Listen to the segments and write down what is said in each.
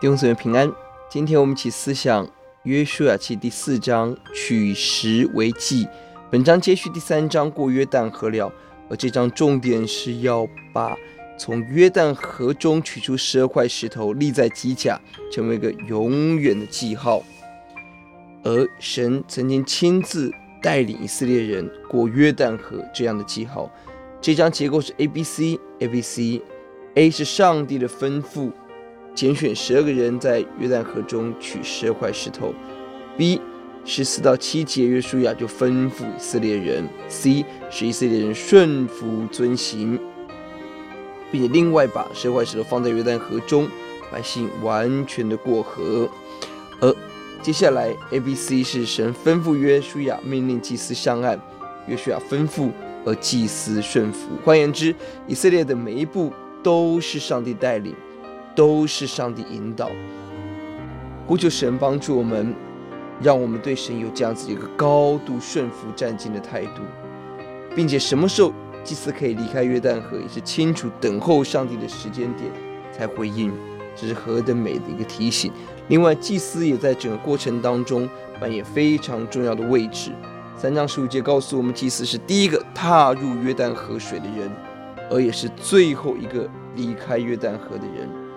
弟兄姊妹平安，今天我們一起思想約書亞記第四章取石為記。本章接續第三章過約旦河了，而這章重點是要把從約旦河中取出十二塊石頭立在吉甲，成為一個永遠的記號。而神曾經親自帶領以色列人過約旦河這樣的記號。這章結構是 A B C A B C，A 是上帝的吩咐。揀選十二個人在約旦河中取十二塊石頭。B 十四到七節約書亞就吩咐以色列人。C 使以色列人順服遵行，並且另外把十二塊石頭放在約旦河中，百姓完全的過河。而接下來 A、B、C 是神吩咐約書亞命令祭司上岸，約書亞吩咐而祭司順服。換言之，以色列的每一步都是上帝帶領。都是上帝引導，呼求神幫助我們，讓我們對神有這樣子一個高度順服、戰進的態度，並且什麼時候祭司可以離開約旦河，也是清楚等候上帝的時間點才回應。這是何等美的一個提醒。另外，祭司也在整個過程當中扮演非常重要的位置。三章十五節告訴我們，祭司是第一個踏入約旦河水的人，而也是最後一個離開約旦河的人。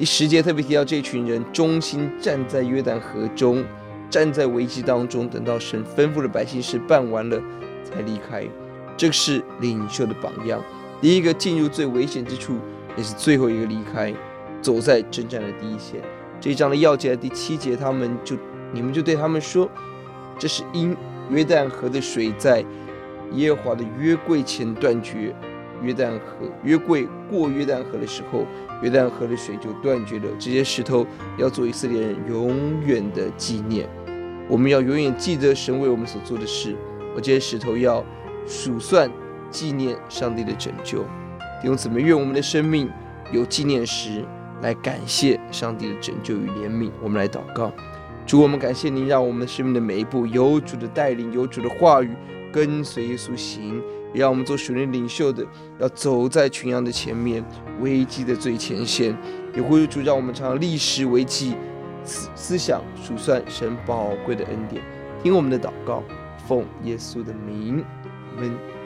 第十節特別提到，這群人忠心站在約旦河中，站在危機當中，等到神吩咐的百姓事辦完了才離開，這是領袖的榜樣。第一個進入最危險之處，也是最後一個離開，走在爭戰的第一線。這一章的鑰節第七節，他們就你們就對他們說，這是因約旦河的水在耶和華的約櫃前斷絕。約旦河，約櫃過約旦河的時候，約旦河的水就斷絕了。這些石頭要做以色列人永遠的紀念，我們要永遠記得神為我們所做的事。而這些石頭要數算紀念上帝的拯救。弟兄姊妹，願我們的生命有紀念石來感謝上帝的拯救與憐憫。我們來禱告，主，我們感謝您，讓我們生命的每一步有主的帶領，有主的話語跟隨耶穌行。讓我們做屬靈領袖的，要走在群羊的前面，危機的最前線。也呼籲主，讓我們常立石為記，思思想數算神寶貴的恩典，聽我們的禱告，奉耶穌的名，阿們。